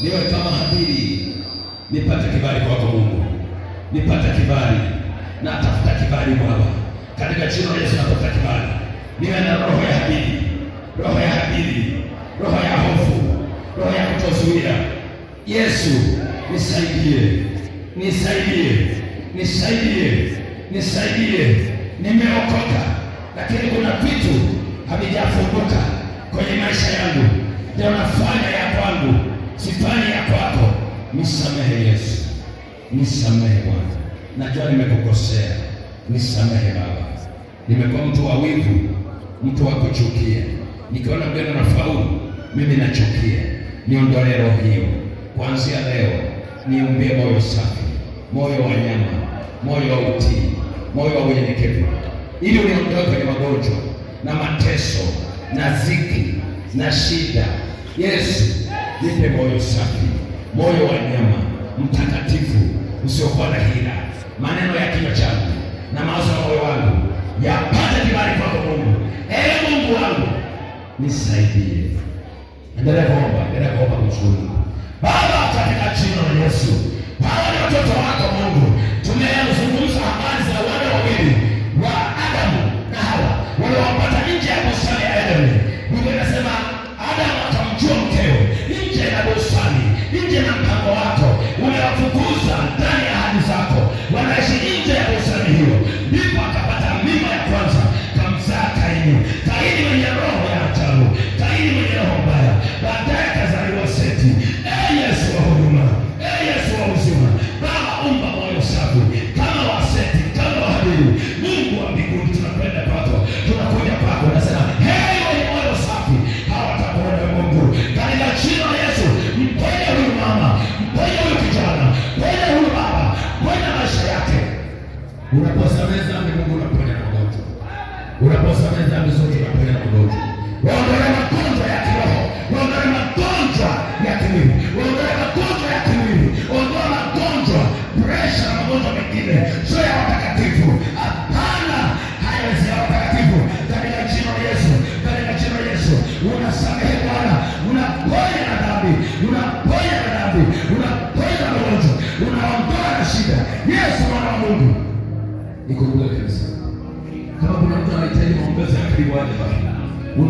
niwe kama Habili, nipate kibali kwako Mungu, nipate kibali na kibali Baba, katika jina la Yesu natafuta kibali, niwe na roho ya Habili, roho ya Habili, roho ya hofu, roho ya kutozuia. Yesu nisaidie, nisaidie, nisaidie, nisaidie. Nimeokoka, lakini kuna vitu havijafunguka kwenye maisha yangu. nisamehe Bwana, najua nimekukosea, nisamehe Baba, nimekuwa mtu wa wivu, mtu wa kuchukia. Nikiona mgeni na faulu, mimi nachukia. Niondolee roho hiyo kuanzia leo, niumbie moyo safi, moyo wa nyama, moyo wa utii, moyo wa unyenyekevu, ili uniondoe kwenye magonjwa na mateso na ziki na shida. Yesu, nipe moyo safi, moyo wa nyama usiokuwa na hila. Maneno ya kinywa changu na mawazo ya moyo wangu yapate kibali kwako Mungu. Ee Mungu wangu nisaidie. Endelea kuomba, endelea kuomba kumshukuru Baba katika jina la Yesu. Baba Unaposamehe dhambi Mungu unaponya magonjwa. Unaposamehe dhambi zote unaponya magonjwa. Waondolee magonjwa ya kiroho, waondolee magonjwa ya kimwili, waondolee magonjwa ya kimwili, ondoa magonjwa, presha na magonjwa mengine sio ya watakatifu. Hapana, haya si ya watakatifu. Katika jina la Yesu, katika jina la Yesu, unasamehe Bwana, unaponya na dhambi, unaponya na dhambi, unaponya magonjwa, unaondoa na shida. Yesu mwana wa Mungu لكم الكنيسه ربنا يطلع يتكلم عن بس اخر واحد